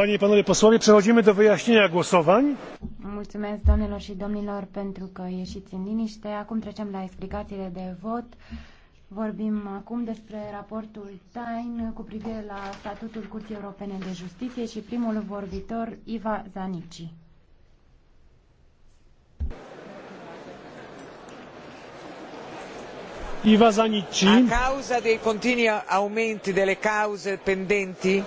Panie i panowie posłowie, przechodzimy do wyjaśnienia głosowań. Mulțumesc doamnelor și domnilor pentru că ieșiți în liniște. Acum trecem la explicațiile de vot. Vorbim acum despre raportul TAIN cu privire la statutul Curții Europene de Justiție și primul vorbitor, Iva Zanici. Iva Zanici. A causa dei continui aumenti delle cause pendenti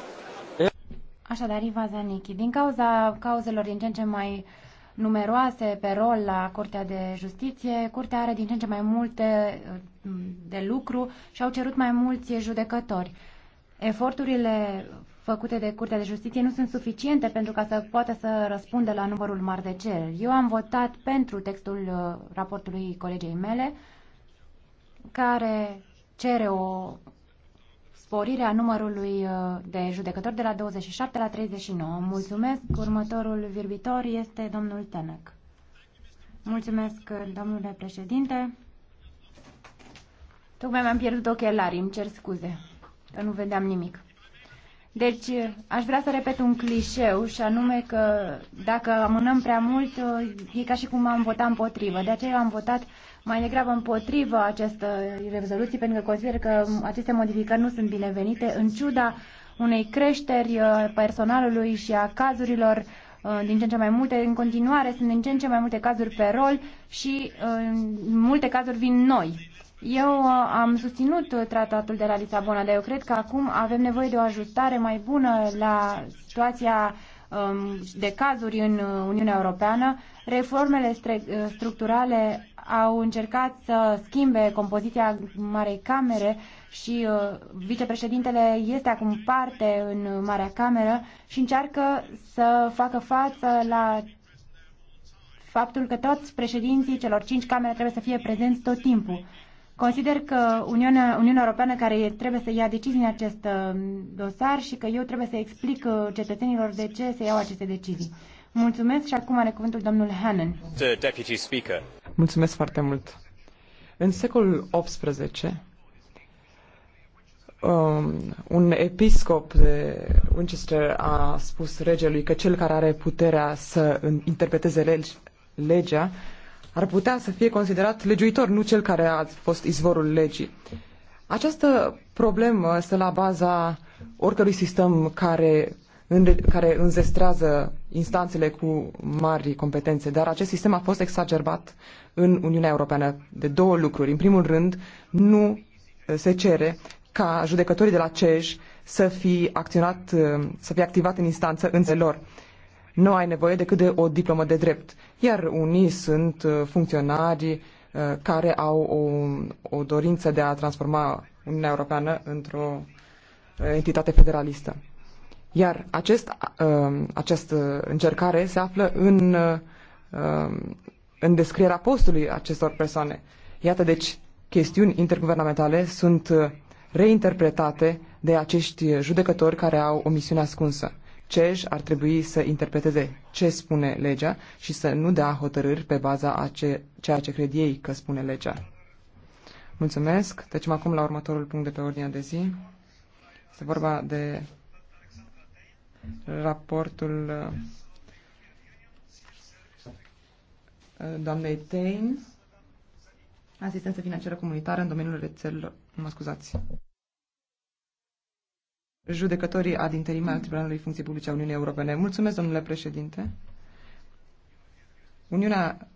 Așadar, Iva Zanichi, din cauza cauzelor din ce în ce mai numeroase pe rol la Curtea de Justiție, Curtea are din ce în ce mai multe uh, de lucru și au cerut mai mulți judecători. Eforturile făcute de Curtea de Justiție nu sunt suficiente pentru ca să poată să răspundă la numărul mare de cereri. Eu am votat pentru textul uh, raportului colegei mele, care cere o sporirea numărului uh, de judecători de la 27 la 39. Mulțumesc. Următorul virbitor este domnul Tenec. Mulțumesc, uh, domnule președinte. Tocmai mi-am pierdut ochelarii, îmi cer scuze, că nu vedeam nimic. Deci, aș vrea să repet un clișeu și anume că dacă amânăm prea mult, e ca și cum am votat împotrivă. De aceea am votat mai degrabă împotrivă această rezoluție, pentru că consider că aceste modificări nu sunt binevenite, în ciuda unei creșteri uh, personalului și a cazurilor uh, din ce în ce mai multe. În continuare sunt din ce în ce mai multe cazuri pe rol și în uh, multe cazuri vin noi eu uh, am susținut tratatul de la Lisabona, dar eu cred că acum avem nevoie de o ajustare mai bună la situația um, de cazuri în uh, Uniunea Europeană. Reformele uh, structurale au încercat să schimbe compoziția Marei Camere și vicepreședintele este acum parte în Marea Cameră și încearcă să facă față la faptul că toți președinții celor cinci camere trebuie să fie prezenți tot timpul. Consider că Uniunea, Uniunea Europeană care trebuie să ia decizii în acest uh, dosar și că eu trebuie să explic uh, cetățenilor de ce se iau aceste decizii. Mulțumesc și acum are cuvântul domnul Hannan. Mulțumesc foarte mult. În secolul XVIII, um, un episcop de Winchester a spus regelui că cel care are puterea să interpreteze legea ar putea să fie considerat legiuitor, nu cel care a fost izvorul legii. Această problemă stă la baza oricărui sistem care, în, care înzestrează instanțele cu mari competențe, dar acest sistem a fost exacerbat în Uniunea Europeană de două lucruri. În primul rând, nu se cere ca judecătorii de la CEJ să fie acționat, să fie activat în instanță în lor nu ai nevoie decât de o diplomă de drept. Iar unii sunt uh, funcționari uh, care au o, o dorință de a transforma Uniunea Europeană într-o uh, entitate federalistă. Iar acest, această încercare se află în, în descrierea postului acestor persoane. Iată, deci, chestiuni interguvernamentale sunt reinterpretate de acești judecători care au o misiune ascunsă. CEJ ar trebui să interpreteze ce spune legea și să nu dea hotărâri pe baza a ce, ceea ce cred ei că spune legea. Mulțumesc. Trecem acum la următorul punct de pe ordinea de zi. Este vorba de raportul uh, doamnei Tain, asistență financiară comunitară în domeniul rețelelor. Mă scuzați judecătorii ad interim al Tribunalului Funcției Publice a Uniunii Europene. Mulțumesc, domnule președinte. Uniunea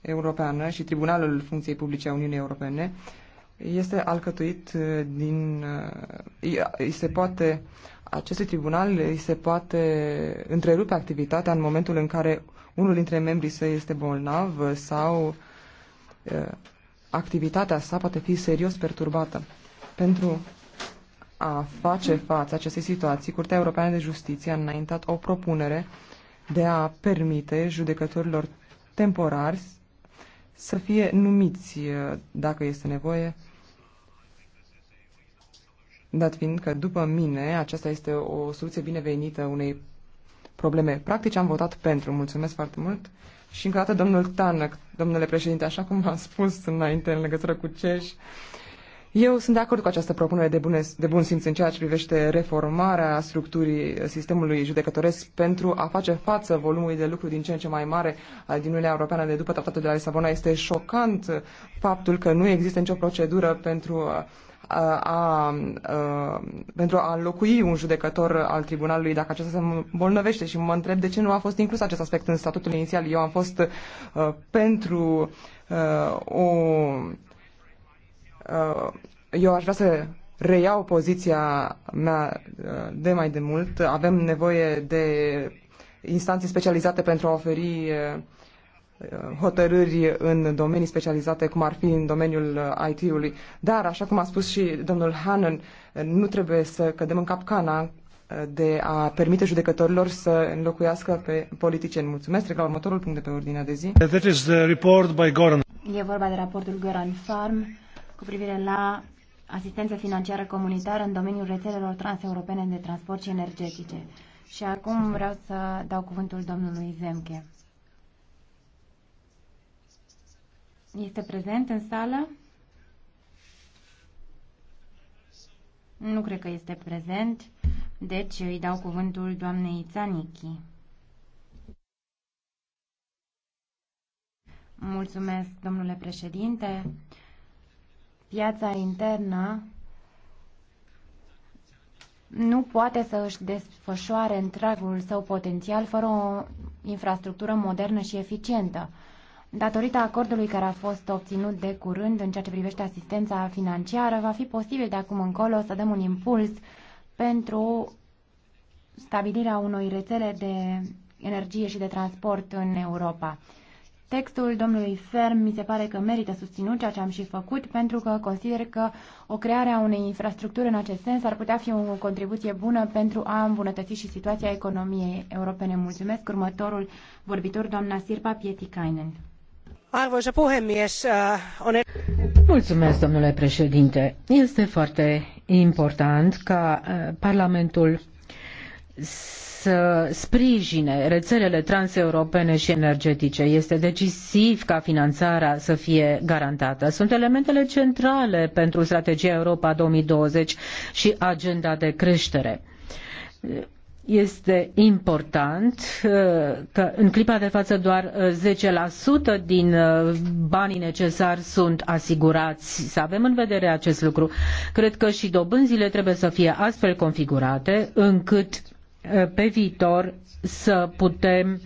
Europeană și Tribunalul Funcției Publice a Uniunii Europene este alcătuit din... Uh, se poate... acestui tribunal îi se poate întrerupe activitatea în momentul în care unul dintre membrii săi este bolnav sau uh, activitatea sa poate fi serios perturbată. Pentru a face față acestei situații, Curtea Europeană de Justiție a înaintat o propunere de a permite judecătorilor temporari să fie numiți, uh, dacă este nevoie, dat fiind că, după mine, aceasta este o soluție binevenită unei probleme practice. Am votat pentru. Mulțumesc foarte mult. Și încă o dată, domnul Tanăc, domnule președinte, așa cum v-am spus înainte în legătură cu CEJ, eu sunt de acord cu această propunere de, bune, de bun simț în ceea ce privește reformarea structurii sistemului judecătoresc pentru a face față volumului de lucru din ce în ce mai mare al din Uniunea Europeană de după tratatul de la Lisabona. Este șocant faptul că nu există nicio procedură pentru a, a, a, pentru a înlocui un judecător al tribunalului dacă acesta se îmbolnăvește și mă întreb de ce nu a fost inclus acest aspect în statutul inițial. Eu am fost a, uh, pentru a, uh, o eu aș vrea să reiau poziția mea uh, de mai de mult. Avem nevoie de instanții specializate pentru a oferi uh, hotărâri în domenii specializate, cum ar fi în domeniul uh, IT-ului. Dar, așa cum a spus și domnul Hannon, nu trebuie să cădem în capcana de a permite judecătorilor să înlocuiască pe politicieni. Mulțumesc. Trec la următorul punct de pe ordinea de zi. That is the report by Goran. E vorba de raportul Goran Farm cu privire la asistență financiară comunitară în domeniul rețelelor transeuropene de transport și energetice. Și acum vreau să dau cuvântul domnului Zemke. Este prezent în sală? Nu cred că este prezent, deci îi dau cuvântul doamnei Țanichi. Mulțumesc, domnule președinte piața internă nu poate să își desfășoare întregul său potențial fără o infrastructură modernă și eficientă. Datorită acordului care a fost obținut de curând în ceea ce privește asistența financiară, va fi posibil de acum încolo să dăm un impuls pentru stabilirea unei rețele de energie și de transport în Europa. Textul domnului Ferm mi se pare că merită susținut ceea ce am și făcut, pentru că consider că o creare a unei infrastructuri în acest sens ar putea fi o contribuție bună pentru a îmbunătăți și situația economiei europene. Mulțumesc. Următorul vorbitor, doamna Sirpa Pietikainen. Arvoisa puhemies, äh, on... Mulțumesc, domnule președinte. Este foarte important ca äh, Parlamentul să sprijine rețelele transeuropene și energetice. Este decisiv ca finanțarea să fie garantată. Sunt elementele centrale pentru strategia Europa 2020 și agenda de creștere este important uh, că în clipa de față doar 10% uh, din uh, banii necesari sunt asigurați. Să avem în vedere acest lucru. Cred că și dobânzile trebuie să fie astfel configurate încât Eh, pe viitor să putem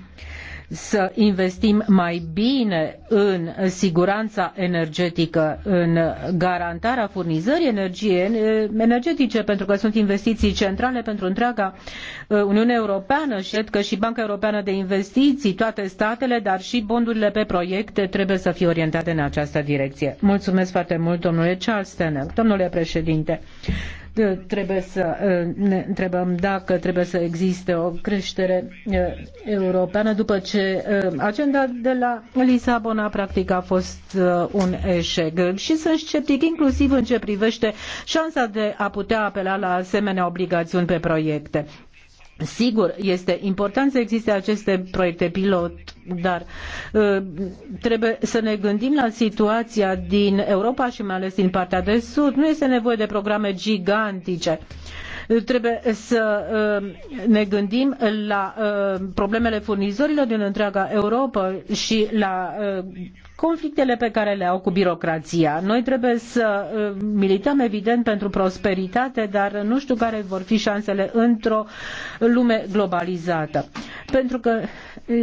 să investim mai bine în siguranța energetică, în garantarea furnizării energiei eh, energetice, pentru că sunt investiții centrale pentru întreaga eh, Uniune Europeană și cred că și Banca Europeană de Investiții, toate statele, dar și bondurile pe proiecte trebuie să fie orientate în această direcție. Mulțumesc foarte mult, domnule Charles Tenek. Domnule președinte, Trebuie să ă, ne întrebăm dacă trebuie să existe o creștere ă, europeană după ce ă, agenda de la Lisabona practic a fost un eșec. Și sunt sceptic inclusiv în ce privește șansa de a putea apela la asemenea obligațiuni pe proiecte. Sigur, este important să existe aceste proiecte pilot, dar uh, trebuie să ne gândim la situația din Europa și mai ales din partea de sud. Nu este nevoie de programe gigantice. Trebuie să um, ne gândim la um, problemele furnizorilor din întreaga Europa și la um, conflictele pe care le au cu birocrația. Noi trebuie să milităm evident pentru prosperitate, dar nu știu care vor fi șansele într-o lume globalizată. Pentru că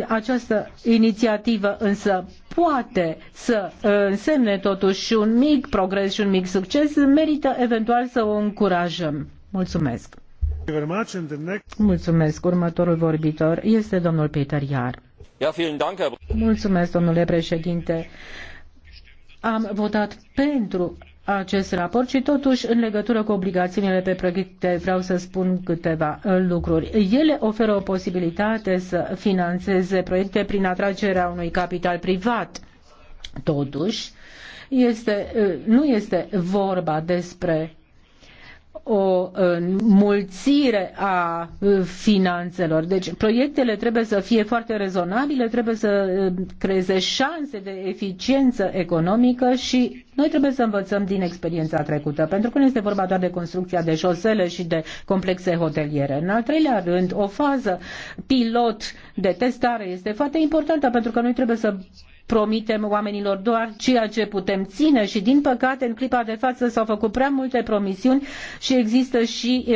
această inițiativă însă poate să uh, însemne totuși un mic progres și un mic succes, merită eventual să o încurajăm. Mulțumesc. Mulțumesc. Următorul vorbitor este domnul Peter Iar. Mulțumesc, domnule președinte. Am votat pentru acest raport și totuși în legătură cu obligațiunile pe proiecte vreau să spun câteva uh, lucruri. Ele oferă o posibilitate să financeze proiecte prin atragerea unui capital privat. Totuși, este, uh, nu este vorba despre o uh, mulțire a uh, finanțelor. Deci proiectele trebuie să fie foarte rezonabile, trebuie să uh, creeze șanse de eficiență economică și noi trebuie să învățăm din experiența trecută, pentru că nu este vorba doar de construcția de șosele și de complexe hoteliere. În al treilea rând, o fază pilot de testare este foarte importantă pentru că noi trebuie să promitem oamenilor doar ceea ce putem ține și din păcate în clipa de față s-au făcut prea multe promisiuni și există și uh,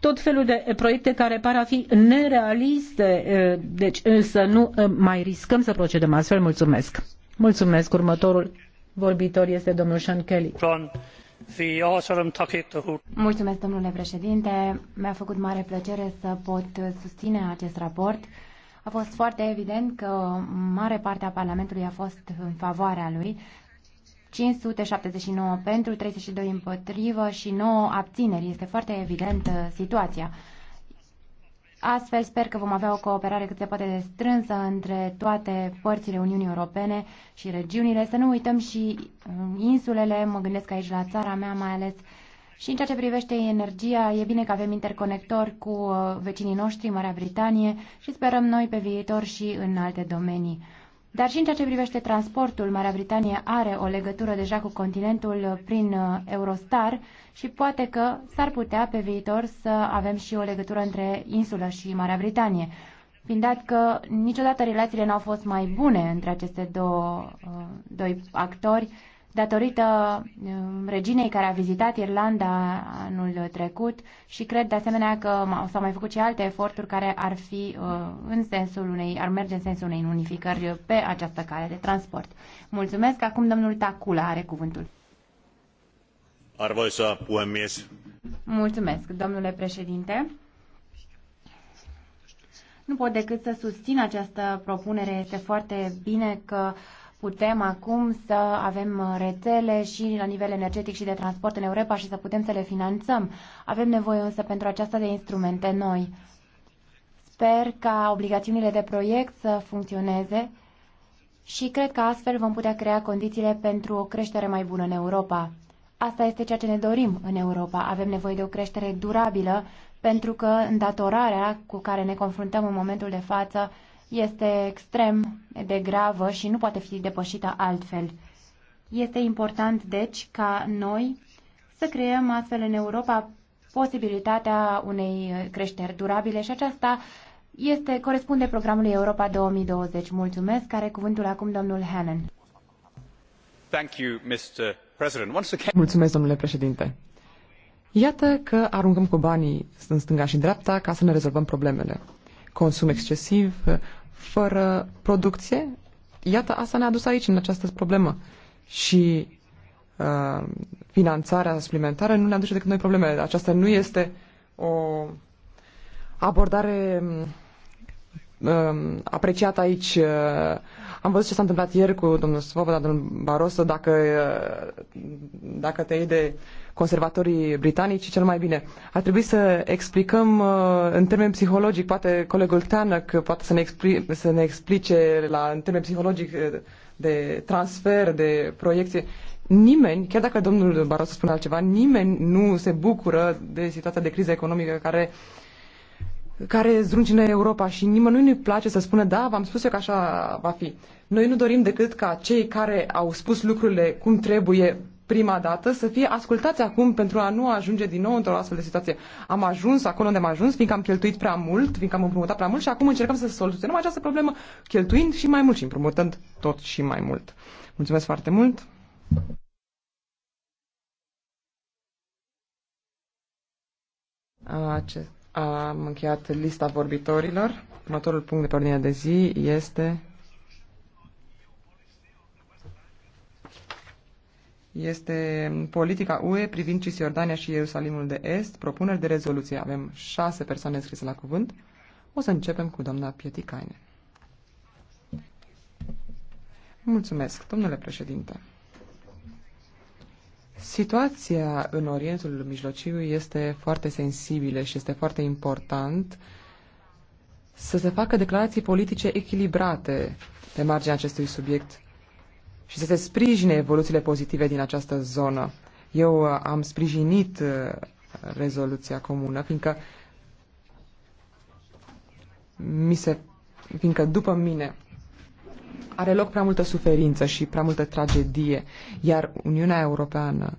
tot felul de proiecte care par a fi nerealiste. Uh, deci să nu uh, mai riscăm să procedăm astfel. Mulțumesc. Mulțumesc. Următorul vorbitor este domnul Sean Kelly. Mulțumesc, domnule președinte. Mi-a făcut mare plăcere să pot susține acest raport a fost foarte evident că mare parte a Parlamentului a fost în favoarea lui, 579 pentru, 32 împotrivă și 9 abțineri. Este foarte evidentă uh, situația. Astfel, sper că vom avea o cooperare cât se poate de strânsă între toate părțile Uniunii Europene și regiunile. Să nu uităm și uh, insulele, mă gândesc aici la țara mea, mai ales și în ceea ce privește energia, e bine că avem interconector cu uh, vecinii noștri, Marea Britanie, și sperăm noi pe viitor și în alte domenii. Dar și în ceea ce privește transportul, Marea Britanie are o legătură deja cu continentul uh, prin uh, Eurostar și poate că s-ar putea pe viitor să avem și o legătură între insulă și Marea Britanie. Fiind dat că niciodată relațiile n-au fost mai bune între aceste două, doi actori, datorită um, reginei care a vizitat Irlanda anul trecut și cred de asemenea că s-au mai făcut și alte eforturi care ar fi uh, în sensul unei, ar merge în sensul unei unificări pe această cale de transport. Mulțumesc. Acum domnul Tacula are cuvântul. Arvoisa puhemies. Mulțumesc, domnule președinte. Nu pot decât să susțin această propunere. Este foarte bine că uh, putem acum să avem rețele și la nivel energetic și de transport în Europa și să putem să le finanțăm. Avem nevoie însă pentru aceasta de instrumente noi. Sper ca obligațiunile de proiect să funcționeze și cred că astfel vom putea crea condițiile pentru o creștere mai bună în Europa. Asta este ceea ce ne dorim în Europa. Avem nevoie de o creștere durabilă pentru că îndatorarea cu care ne confruntăm în momentul de față este extrem de gravă și nu poate fi depășită altfel. Este important, deci, ca noi să creăm astfel în Europa posibilitatea unei creșteri durabile și aceasta este, corespunde programului Europa 2020. Mulțumesc. Care cuvântul acum domnul Hannan. Thank you, Mr. President. Once again... Mulțumesc, domnule președinte. Iată că aruncăm cu banii în stânga și în dreapta ca să ne rezolvăm problemele consum excesiv, fără producție. Iată, asta ne-a dus aici, în această problemă. Și uh, finanțarea suplimentară nu ne aduce decât noi probleme. Aceasta nu este o abordare uh, apreciată aici. Uh, am văzut ce s-a întâmplat ieri cu domnul Svoboda, domnul Barosă, dacă, uh, dacă te iei de uh, conservatorii britanici cel mai bine. Ar trebui să explicăm uh, în termen psihologic, poate colegul Tanăc poate să ne, expli- să ne explice la, în termen psihologic uh, de transfer, de proiecție. Nimeni, chiar dacă domnul Barroso spune altceva, nimeni nu se bucură de situația de criză economică care care zdruncină Europa și nimănui nu-i place să spună da, v-am spus eu că așa va fi. Noi nu dorim decât ca cei care au spus lucrurile cum trebuie prima dată, să fie ascultați acum pentru a nu ajunge din nou într-o astfel de situație. Am ajuns acolo unde am ajuns, fiindcă am cheltuit prea mult, fiindcă am împrumutat prea mult și acum încercăm să soluționăm această problemă cheltuind și mai mult și împrumutând tot și mai mult. Mulțumesc foarte mult! Acest, am încheiat lista vorbitorilor. Următorul punct de pe ordinea de zi este este politica UE privind Cisjordania și Ierusalimul de Est, propuneri de rezoluție. Avem șase persoane înscrise la cuvânt. O să începem cu doamna Pietikainen. Mulțumesc, domnule președinte. Situația în Orientul Mijlociu este foarte sensibilă și este foarte important să se facă declarații politice echilibrate pe marginea acestui subiect și să se sprijine evoluțiile pozitive din această zonă. Eu uh, am sprijinit uh, rezoluția comună, fiindcă mi se, fiindcă după mine are loc prea multă suferință și prea multă tragedie, iar Uniunea Europeană,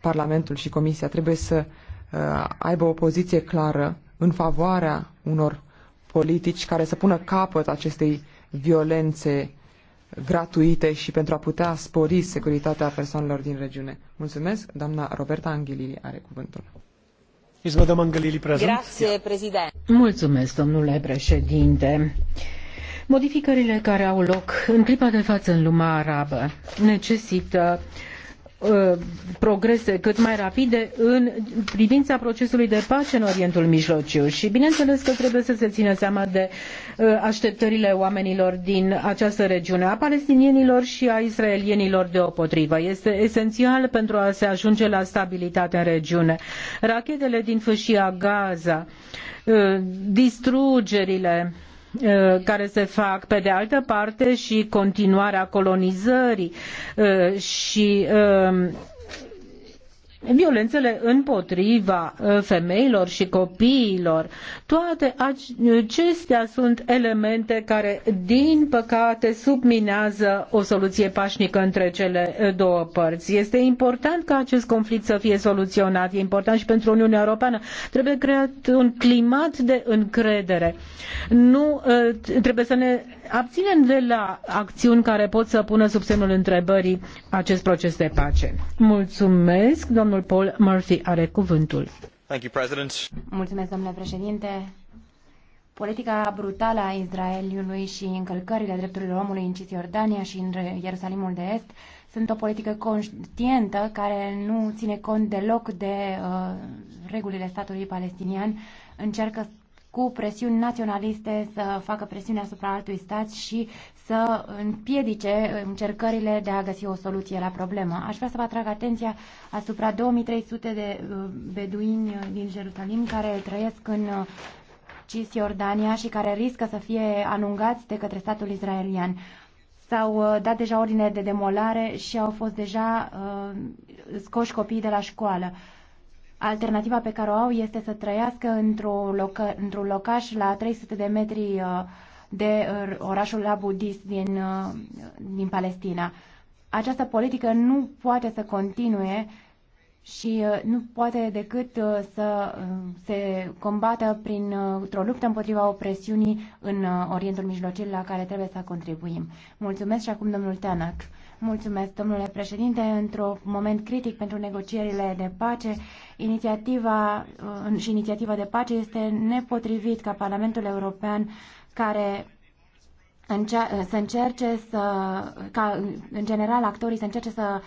Parlamentul și Comisia trebuie să uh, aibă o poziție clară în favoarea unor politici care să pună capăt acestei violențe gratuite și pentru a putea spori securitatea persoanelor din regiune. Mulțumesc. Doamna Roberta Angelili are cuvântul. Grazie, președinte. Mulțumesc, domnule președinte. Modificările care au loc în clipa de față în lumea arabă necesită uh, Uh, progrese cât mai rapide în privința procesului de pace în Orientul Mijlociu și bineînțeles că trebuie să se țină seama de uh, așteptările oamenilor din această regiune, a palestinienilor și a israelienilor deopotrivă. Este esențial pentru a se ajunge la stabilitate în regiune. Rachetele din fâșia Gaza, uh, distrugerile Uh, care se fac pe de altă parte și continuarea colonizării uh, și uh, violențele împotriva uh, femeilor și copiilor. Toate acestea sunt elemente care, din păcate, subminează o soluție pașnică între cele uh, două părți. Este important ca acest conflict să fie soluționat, e important și pentru Uniunea Europeană. Trebuie creat un climat de încredere. Nu uh, trebuie să ne abinem de la aciuni care pot să pună sub semnul întrebării acest proces de pace. Mulțumesc. Domnul Paul Murphy are cuvântul. Thank you, President. Mulțumesc, domnule președinte. Politica brutală a Israelului și încălcările drepturilor omului în Cisjordania și în Ierusalimul de Est sunt o politică conștientă care nu ține cont deloc de uh, regulile statului palestinian, încearcă cu presiuni naționaliste să facă presiune asupra altui stat și să împiedice încercările de a găsi o soluție la problemă. Aș vrea să vă atrag atenția asupra 2300 de uh, beduini din Jerusalim care trăiesc în uh, Cisjordania și care riscă să fie anungați de către statul israelian s-au uh, dat deja ordine de demolare și au fost deja uh, scoși copiii de la școală. Alternativa pe care o au este să trăiască într-un loca- într locaș la 300 de metri uh, de uh, orașul Labudis din, uh, din Palestina. Această politică nu poate să continue și uh, nu poate decât uh, să uh, se combată prin o luptă împotriva opresiunii în Orientul Mijlociu la care trebuie să contribuim. Mulțumesc și acum domnul Teanac. Mulțumesc, domnule președinte. Într-un moment critic pentru negocierile de pace, inițiativa și inițiativa de pace este nepotrivit ca Parlamentul European care să încerce să, ca în general actorii să încerce să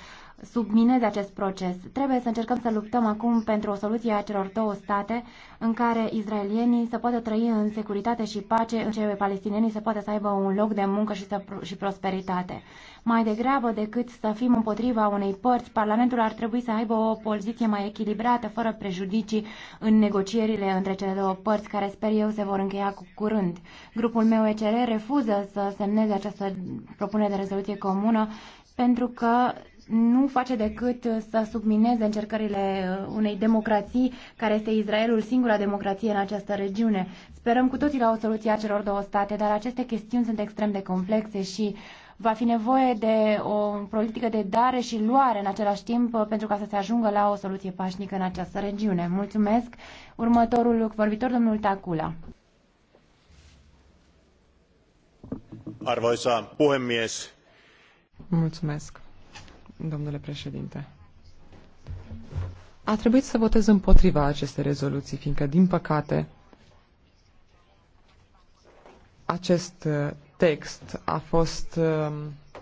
submineze acest proces. Trebuie să încercăm să luptăm acum pentru o soluție a celor două state în care israelienii să poată trăi în securitate și pace, în care palestinienii să poată să aibă un loc de muncă și, să, și prosperitate. Mai degrabă decât să fim împotriva unei părți, Parlamentul ar trebui să aibă o poziție mai echilibrată, fără prejudicii în negocierile între cele două părți, care sper eu se vor încheia cu curând. Grupul meu ECR refuză să semneze această propunere de rezoluție comună pentru că nu face decât uh, să submineze încercările uh, unei democrații, care este Israelul singura democrație în această regiune. Sperăm cu toții la o soluție a celor două state, dar aceste chestiuni sunt extrem de complexe și va fi nevoie de o politică de dare și luare în același timp uh, pentru ca să se ajungă la o soluție pașnică în această regiune. Mulțumesc. Următorul vorbitor, domnul Tacula. Arvoisa puhemies. Mulțumesc domnule președinte. A trebuit să votez împotriva acestei rezoluții, fiindcă, din păcate, acest uh, text a fost um,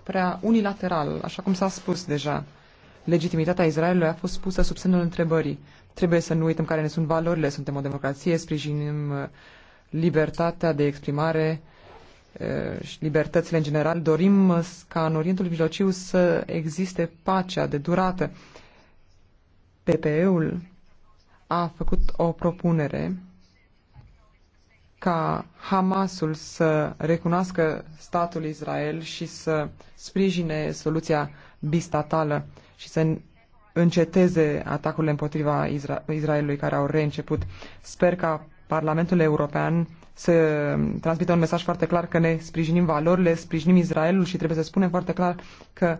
prea unilateral, așa cum s-a spus deja. Legitimitatea Israelului a fost pusă sub semnul întrebării. Trebuie să nu uităm care ne sunt valorile. Suntem o democrație, sprijinim uh, libertatea de exprimare, Eh, și libertățile în general, dorim eh, ca în Orientul Mijlociu să existe pacea de durată. PPE-ul a făcut o propunere ca Hamasul să recunoască statul Israel și să sprijine soluția bistatală și să înceteze atacurile împotriva Isra- Israelului care au reînceput. Sper ca Parlamentul European să transmită un mesaj foarte clar că ne sprijinim valorile, sprijinim Israelul și trebuie să spunem foarte clar că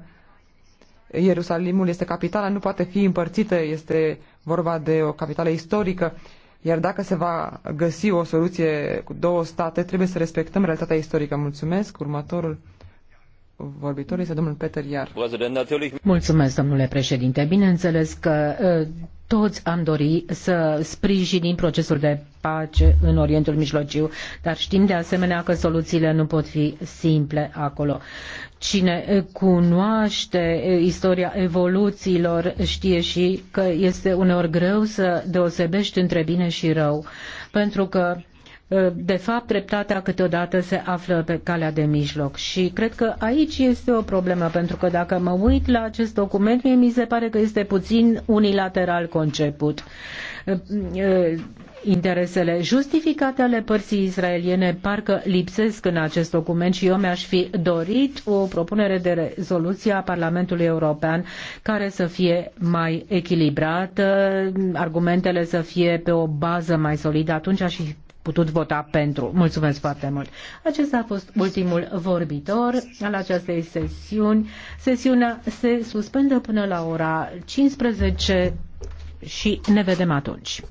Ierusalimul este capitala, nu poate fi împărțită, este vorba de o capitală istorică, iar dacă se va găsi o soluție cu două state, trebuie să respectăm realitatea istorică. Mulțumesc. Următorul vorbitor este domnul Peter Iar. Mulțumesc, domnule președinte. Bineînțeles că toți am dori să sprijinim procesul de pace în Orientul Mijlociu, dar știm de asemenea că soluțiile nu pot fi simple acolo. Cine cunoaște istoria evoluțiilor știe și că este uneori greu să deosebești între bine și rău, pentru că de fapt, dreptatea câteodată se află pe calea de mijloc și cred că aici este o problemă, pentru că dacă mă uit la acest document, mie mi se pare că este puțin unilateral conceput. Interesele justificate ale părții israeliene parcă lipsesc în acest document și eu mi-aș fi dorit o propunere de rezoluție a Parlamentului European care să fie mai echilibrată, argumentele să fie pe o bază mai solidă, atunci aș fi putut vota pentru. Mulțumesc foarte mult. Acesta a fost ultimul vorbitor al acestei sesiuni. Sesiunea se suspendă până la ora 15 și ne vedem atunci.